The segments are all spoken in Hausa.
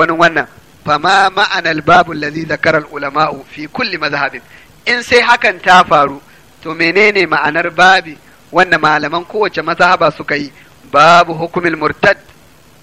wani wannan fama ma'anar babu lalli zakar ulama'u fi kulli mazhabin in sai hakan ta faru to menene ma'anar babi wanda malaman kowace mazhaba suka yi babu hukumin murtad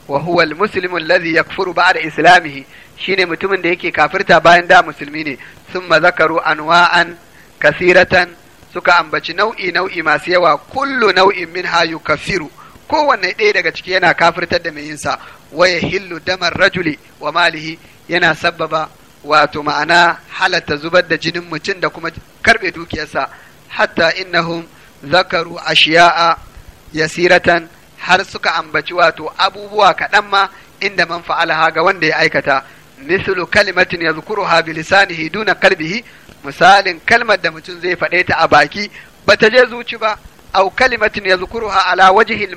wa huwa almuslimu alladhi yakfuru da islamihi shine mutumin da yake kafirta bayan da musulmi ne sun mazakaru anwa'an kasiratan suka ambaci nau'i nau'i masu yawa kullu nau'in minha kafiru. kowanne ɗaya daga ciki yana kafirtar da mayinsa waya hillu damar rajuli wa malihi yana sabbaba wato ma'ana halatta zubar da jinin mutum da kuma karɓe dukiyarsa hatta innahum zakaru ashiya'a yasiratan har suka ambaci wato abubuwa kaɗan ma inda man fa'alaha ga wanda ya aikata mislu kalimatin yadhkuruha bi lisanihi duna kalbihi misalin kalmar da mutum zai faɗe ta a baki bata je zuci ba aw kalimatin yadhkuruha ala wajhi al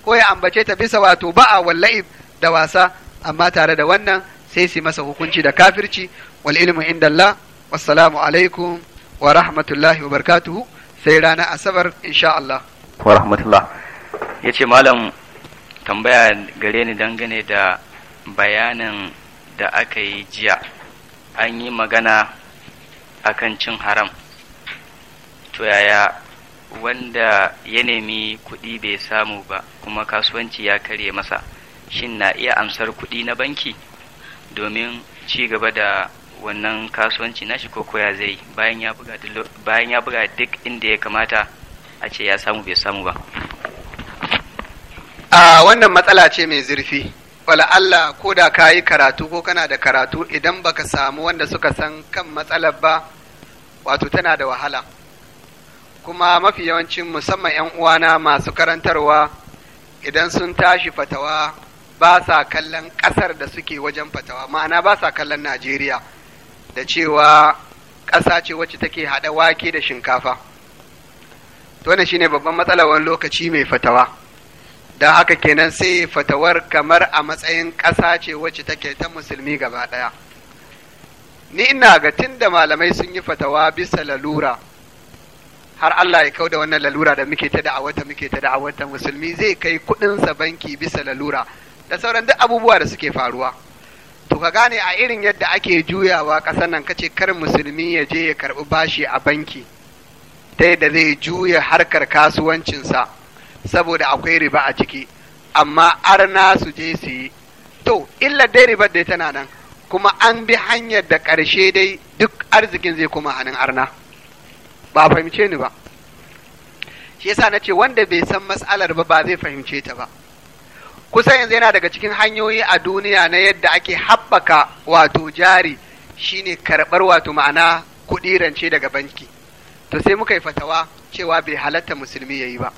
ko ya ambace ta bisa wato ba'a wallahi da wasa amma tare da wannan sai su masa hukunci da kafirci wal ilmu inda Allah wassalamu alaikum wa rahmatullahi wa barakatuhu sai rana asabar insha Allah wa rahmatullah yace malam tambaya gare ni dangane da bayanin da aka yi jiya an yi magana akan cin haram to yaya wanda ya nemi kuɗi bai samu ba kuma kasuwanci ya karye masa shin na iya amsar kuɗi na banki domin ci gaba da wannan kasuwanci nashi ko koya zai bayan ya buga duk inda ya kamata a ce ya samu bai samu ba a wannan matsala ce mai zurfi wala Allah ko da ka yi karatu ko kana da karatu idan baka samu wanda suka san kan matsalar ba wato tana da wahala kuma mafi yawancin musamman 'yan uwana masu karantarwa idan sun tashi fatawa ba sa kallon ƙasar da suke wajen fatawa ma'ana ba sa kallon najeriya da cewa ƙasa ce wacce take haɗa wake da shinkafa to ne shine babban matsala wani lokaci mai fatawa don haka kenan sai fatawar kamar a matsayin ƙasa ce wacce take ta musulmi gaba ɗaya ni ina ga tun da malamai sun yi fatawa bisa lalura har Allah ya da wannan lalura da muke ta da'awata muke ta da'awata musulmi zai kai kuɗinsa banki bisa lalura da sauran duk abubuwa da suke faruwa to ka gane a irin yadda ake juyawa ƙasar nan kace kar musulmi ya je ya karɓi bashi a banki ta yadda zai juya harkar kasuwancinsa saboda akwai riba a ciki amma arna su je su yi to illa dai ribar dai tana nan kuma an bi hanyar da ƙarshe dai duk arzikin zai kuma hannun arna ba fahimce ni ba shi yasa na ce wanda bai san mas'alar ba ba zai fahimce ta ba kusan yanzu yana daga cikin hanyoyi a duniya na yadda ake haɓaka wato jari shine karɓar wato ma'ana kuɗi rance daga banki to sai muka yi fatawa cewa bai halatta musulmi ya yi ba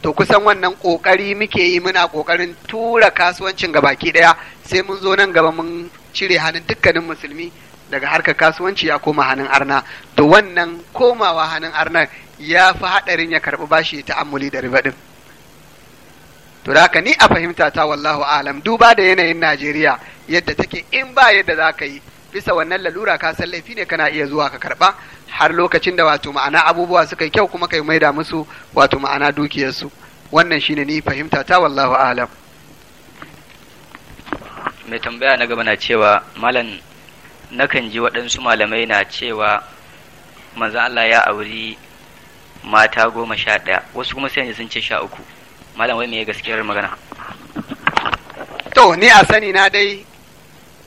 to kusan wannan ƙoƙari muke yi muna ƙoƙarin tura kasuwancin gabaki ɗaya sai mun zo nan gaba mun cire hannun dukkanin musulmi daga harkar kasuwanci ya koma hannun arna to wannan komawa hannun arna ya fi haɗarin ya karɓi bashi ta amuli da riba to da haka ni a fahimta ta wallahu alam duba da yanayin najeriya yadda take in ba yadda za ka yi bisa wannan lalura ka san laifi ne kana iya zuwa ka karɓa har lokacin da wato ma'ana abubuwa suka yi kyau kuma kai maida musu wato ma'ana dukiyarsu wannan shine ni fahimta ta wallahu alam mai tambaya na gaba na cewa malam nakan ji waɗansu malamai na cewa manzan Allah ya auri mata goma sha ɗaya wasu kuma sai sun ce sha uku malamai mai gaskiyar magana to ni a sani na dai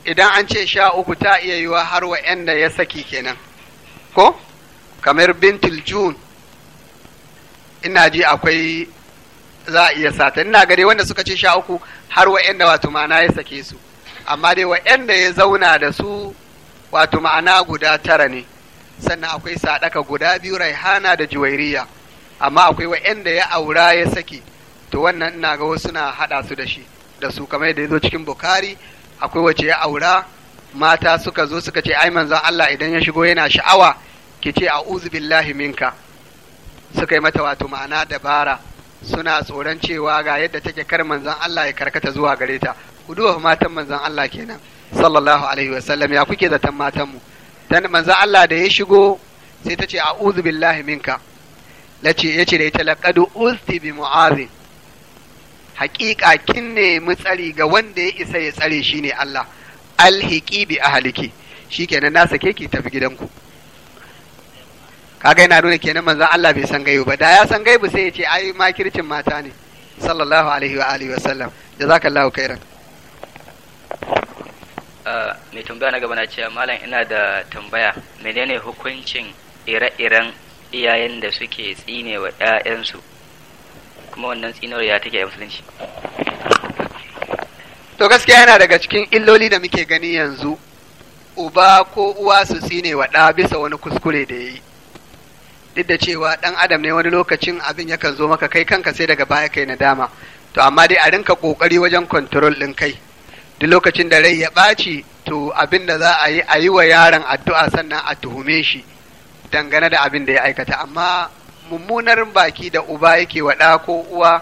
idan an ce sha uku ta iya yiwa har wa da ya saki kenan ko kamar bintul jun ina ji akwai za a iya sata ina gare wanda suka ce sha uku har da wato mana ya sake su amma dai da ya zauna da su wato ma'ana guda tara ne sannan akwai sadaka guda biyu raihana da juwairiya amma akwai wa'anda ya aura ya saki to wannan ina ga wasu na hada su da shi da su kamar yadda ya zo cikin bukari akwai wace ya aura mata suka zo suka ce ai manzon Allah idan ya shigo yana sha'awa ki ce a'udhu billahi minka suka yi mata wato ma'ana dabara suna tsoron cewa ga yadda take kar manzon Allah ya karkata zuwa gare ta ku duba matan manzon Allah kenan sallallahu alaihi wasallam ya kuke zaton matanmu dan manzo Allah da ya shigo sai ta ce a'udhu billahi minka lace yace da ita laqad usti bi mu'azin haqiqa kin ne tsari ga wanda ya isa ya tsare shi ne Allah alhiqi bi ahliki shikenan na sake ki tafi gidanku kaga yana nuna kenan manzo Allah bai san gaibu ba da ya san gaibu sai ya ce ai makircin mata ne sallallahu alaihi wa alihi wasallam jazakallahu khairan Eh, mai tambaya na gaba na cewa malam ina da tambaya menene hukuncin ire-iren iyayen da suke tsine wa 'ya'yansu kuma wannan tsinar ya take musulunci to gaskiya yana daga cikin illoli da muke gani yanzu uba ko uwa su tsine wa ɗa bisa wani kuskure da ya yi duk da cewa ɗan adam ne wani lokacin abin yakan zo maka kai kanka sai daga baya kai dama to amma dai a rinka ƙoƙari wajen kontrol ɗin kai duk lokacin da rai ya ɓaci to abin da za a yi a yi wa yaron addu'a sannan a tuhume shi dangane da abin da ya aikata amma mummunar baki da uba yake wa ɗa ko uwa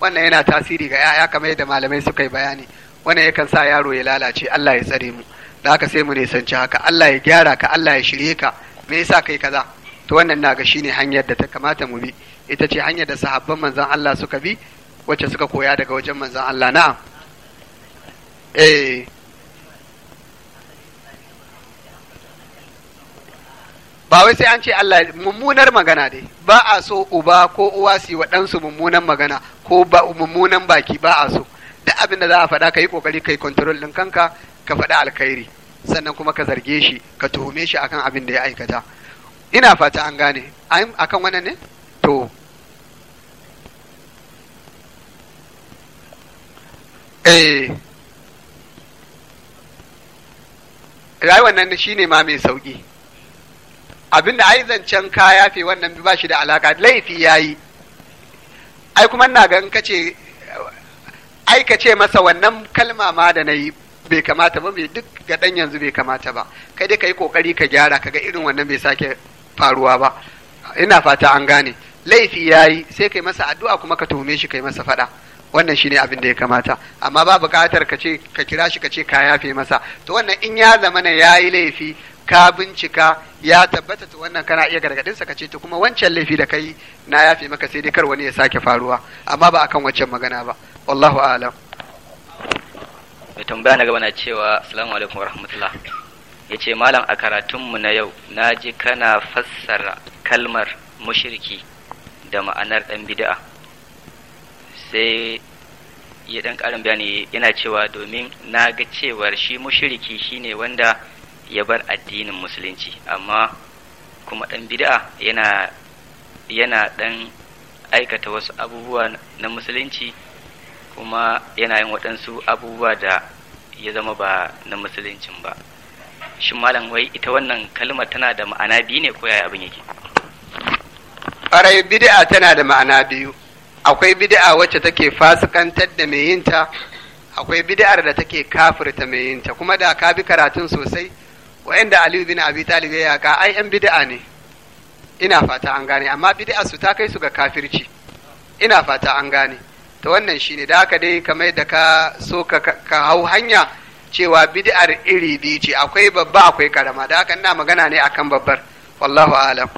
wannan yana tasiri ga 'ya'ya kamar yadda malamai suka yi bayani wannan yakan sa yaro ya lalace Allah ya tsare mu da haka sai mu nisanci haka Allah ya gyara ka Allah ya shirye ka me yasa kai kaza to wannan na ga shine hanyar da ta kamata mu bi ita ce hanyar da sahabban manzon Allah suka bi wacce suka koya daga wajen manzon Allah na'am eh ba wai sai an ce Allah mummunar magana dai ba a so uba ko uwa su wa ɗansu mummunan magana ko ba mummunan baki ba a so da abin da za a faɗa ka yi ƙoƙari ka yi kontrol ɗin kanka ka faɗa alkhairi sannan kuma ka zarge shi ka tuhume shi akan abin da ya aikata ina fata an gane akan wannan ne to eh rayuwar nan ne ma mai sauki abin da ai zancen ka fi wannan ba shi da alaka laifi ya yi ai kuma na ga ka kace ai ka ce masa wannan kalma ma da na yi bai kamata ba mai duk ga dan yanzu bai kamata ba kai dai kai kokari ka gyara ka ga irin wannan bai sake faruwa ba ina fata an gane laifi ya yi sai ka kai masa addu'a kuma ka tuhume shi ka kai masa faɗa. wannan shine abin da ya kamata amma ba buƙatar ka ce ka kira shi ka ce ka yafe masa to wannan in ya zama na yayi laifi ka bincika ya tabbata to wannan kana iya gargadin sa kace to kuma wancan laifi da kai na yafe maka sai dai kar wani ya sake faruwa amma ba akan wancan magana ba wallahu a'lam mai tambaya na gaba na cewa assalamu alaikum warahmatullah yace malam a karatun mu na yau na ji kana fassara kalmar mushriki da ma'anar dan bid'a sai ya dan karin bayani yana cewa domin na ga cewar shi mushiriki shine wanda ya bar addinin musulunci amma kuma dan bid'a yana yana dan aikata wasu abubuwa na musulunci kuma yana yin waɗansu abubuwa da ya zama ba na musuluncin ba shin malam wai ita wannan kalmar tana da ma'ana biyu ne ko yaya abin yake ƙwarai bid'a tana da ma'ana biyu akwai bid'a wacce take fasikantar da mai yinta akwai bid'ar da take kafirta mai yinta kuma da ka bi karatun sosai wa'anda Aliyu bin Abi Talib ya ka ai yan bid'a ne ina fata an gane amma bid'a su ta kai su ga kafirci ina fata an gane to wannan shine da haka dai kamar da ka so ka, ka hau hanya cewa bid'ar iri biyu ce akwai babba akwai karama da haka ina magana ne akan babbar wallahu a'lam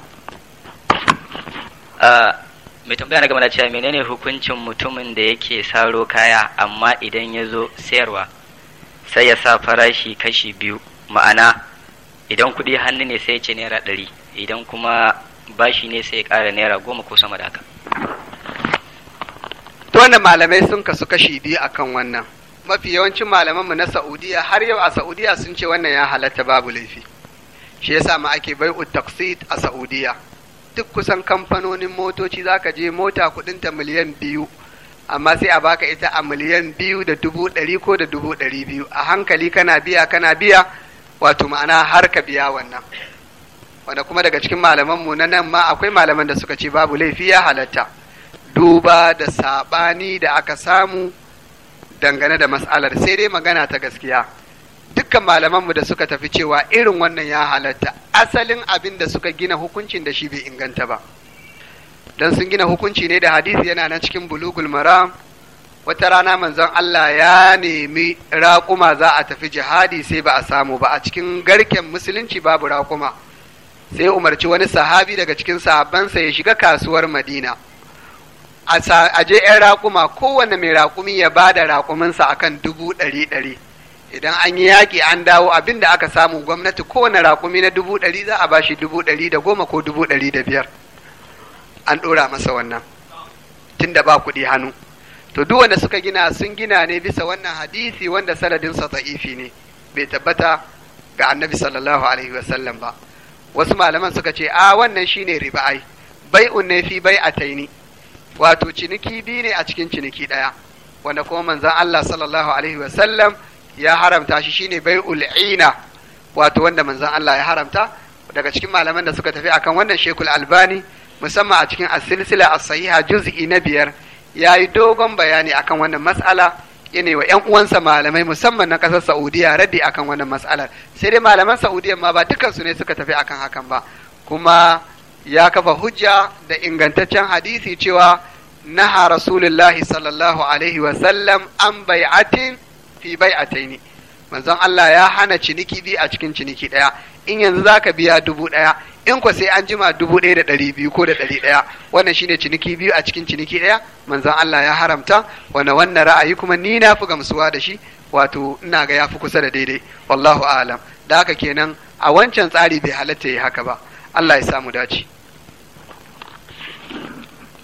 ah, mai tambaya na gama cewa menene hukuncin mutumin da yake saro kaya amma idan ya zo sayarwa sai ya sa farashi kashi biyu ma'ana idan kuɗi hannu ne sai ya ce naira ɗari idan kuma bashi ne sai ya ƙara naira goma ko sama da haka Tona malamai sun kasu kashi biyu akan wannan mafi yawancin malamanmu na Saudiya har yau a Saudiya sun ce wannan ya halatta babu laifi shi yasa ma ake bai'u taksit a Saudiya duk kusan kamfanonin motoci za ka je mota kudinta miliyan biyu amma sai a baka ita a miliyan biyu da dubu ɗari ko da dubu ɗari biyu a hankali kana biya kana biya wato ma'ana har ka biya wannan wanda kuma daga cikin malamanmu na nan ma akwai malaman da suka ce babu laifi ya halatta duba da saɓani da aka samu dangane da mas'alar, sai dai magana ta gaskiya dukkan malamanmu da suka tafi cewa irin wannan ya halatta asalin abin da suka gina hukuncin da shi bai inganta ba don sun gina hukunci ne da hadisi yana nan cikin bulugul maram wata rana manzon Allah ya nemi raƙuma za a tafi jihadi sai ba a samu ba a cikin garken musulunci babu raƙuma sai umarci wani sahabi daga cikin sahabbansa ya shiga kasuwar madina a je 'yan raƙuma kowane mai raƙumi ya ba da raƙuminsa akan dubu ɗari ɗari idan an yi yaƙi an dawo abin da aka samu gwamnati kowane raƙumi na dubu ɗari za a bashi dubu ɗari da goma ko dubu ɗari da biyar an ɗora masa wannan tun da ba kuɗi hannu to duk wanda suka gina sun gina ne bisa wannan hadisi wanda sanadinsa ta'ifi ne bai tabbata ga annabi sallallahu alaihi wasallam ba wasu malaman suka ce a wannan shine riba'ai bai'un ne fi taini. wato ciniki biyu ne a cikin ciniki ɗaya wanda kuma manzon Allah sallallahu alaihi wasallam ya haramta shi shine bai ul'ina wato wanda manzon Allah ya haramta daga cikin malaman da suka tafi akan wannan Shekul Albani musamman a cikin as-silsila as-sahiha juz'i na biyar yayi dogon bayani akan wannan mas'ala yana wa ƴan uwansa malamai musamman na ƙasar Saudiya raddi akan wannan mas'alar sai dai malaman Saudiya ma ba dukkan su ne suka tafi akan hakan ba kuma ya kafa hujja da ingantaccen hadisi cewa naha rasulullahi sallallahu alaihi wa sallam an bai'atin fi bai'ataini manzon Allah ya hana ciniki biyu a cikin ciniki ɗaya in yanzu za ka biya dubu ɗaya in ko sai an jima dubu ɗaya da ɗari biyu ko da ɗari ɗaya wannan shine ciniki biyu a cikin ciniki ɗaya manzon Allah ya haramta wani wannan ra'ayi kuma ni na fi gamsuwa da shi wato ina ga ya fi kusa da daidai wallahu alam da haka kenan a wancan tsari bai halatta yi haka ba Allah ya samu dace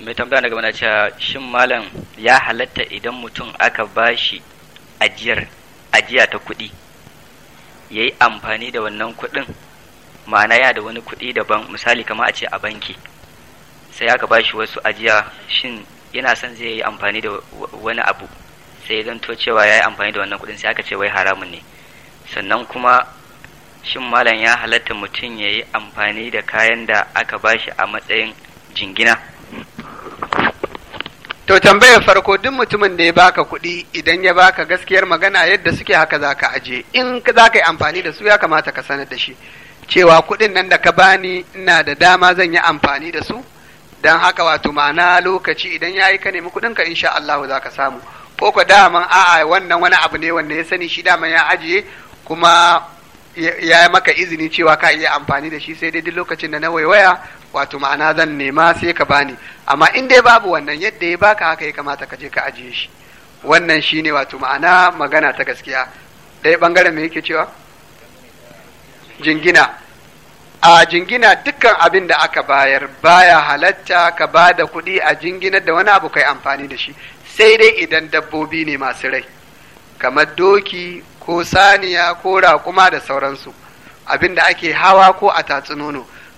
mai tambaya daga mana cewa shin malam ya halatta idan mutum aka bashi ajiyar ajiya ta kuɗi ya yi amfani da wannan kuɗin ma'ana ya da wani kuɗi daban misali kama a ce a banki sai aka ba shi wasu ajiya shin yana son zai yi amfani da wani abu sai to cewa ya yi amfani da wannan kuɗin sai aka ce wai haramun ne sannan kuma shin malam ya halatta mutum ya yi amfani da kayan da aka ba shi a matsayin jingina To tambayar farko duk mutumin da ya baka kuɗi idan ya baka gaskiyar magana yadda suke haka za ka aje in za ka yi amfani da su ya kamata ka sanar da shi cewa kuɗin nan da ka bani ina da dama zan yi amfani da su don haka wato ma'ana lokaci idan ya yi ka nemi kuɗinka insha Allah za ka samu ko ka daman a'a wannan wani abu ne wanda ya sani shi daman ya ajiye kuma ya maka izini cewa ka iya amfani da shi sai dai duk lokacin da na waiwaya wato ma'ana zan nema sai ka bani amma in dai babu wannan yadda ya baka haka ya kamata ka je ka ajiye shi wannan shine wato ma'ana magana ta gaskiya ɗaya bangaren me yake cewa jingina a jingina dukkan abin da aka bayar baya halatta ka ba da kuɗi a jinginar da wani abu kai amfani da shi sai dai idan dabbobi ne masu rai kamar doki ko saniya ko raƙuma da sauransu abin da ake hawa ko a tatsi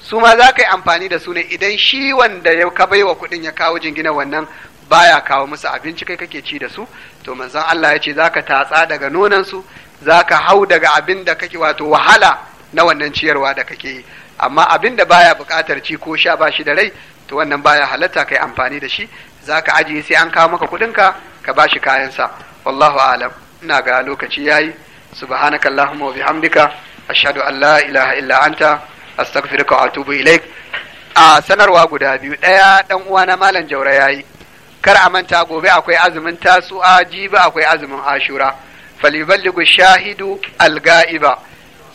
su ma za ka yi amfani da su ne idan shi wanda ya ka baiwa kuɗin ya kawo jingina wannan baya kawo musu abinci kai kake ci da su to manzon Allah ya ce za ka tatsa daga nonan su za ka hau daga abin da kake wato wahala na wannan ciyarwa da kake yi amma abin da baya buƙatar ci ko sha ba shi da rai to wannan baya halatta kai amfani da shi za ka ajiye sai an kawo maka kuɗin ka ka ba shi sa wallahu alam ina ga lokaci yayi subhanakallahumma wa bihamdika ashhadu an la ilaha illa anta astaghfiruka wa atubu ilaik a sanarwa guda biyu ɗaya ɗan na malam jaura yayi kar a manta gobe akwai azumin tasu'a jibi akwai azumin ashura faliballigu shahidu alga'iba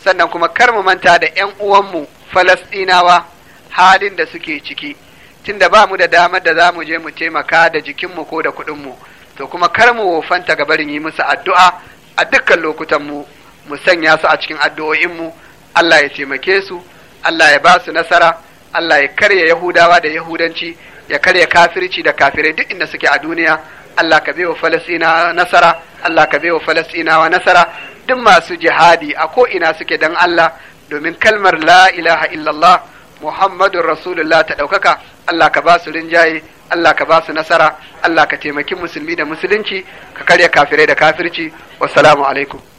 sannan kuma kar mu manta da ƴan uwanmu falastinawa halin da suke ciki tunda ba mu da damar da za mu je mu taimaka da jikinmu ko da kuɗinmu to kuma kar mu wofanta ga barin yi musu addu'a a dukkan lokutanmu mu sanya su a cikin addu'o'inmu Allah ya taimake su Allah ya ba su nasara Allah ya karya Yahudawa da Yahudanci ya karya kafirci da kafirai duk inda suke a duniya Allah ka baiwa Falasina nasara Allah ka baiwa Falasinawa nasara duk masu jihadi a ko ina suke dan Allah domin kalmar la ilaha illallah Muhammadun Rasulullah ta ɗaukaka Allah ka ba su rinjaye Allah ka ba su nasara Allah ka taimaki musulmi da musulunci ka karya kafirai da kafirci wassalamu alaikum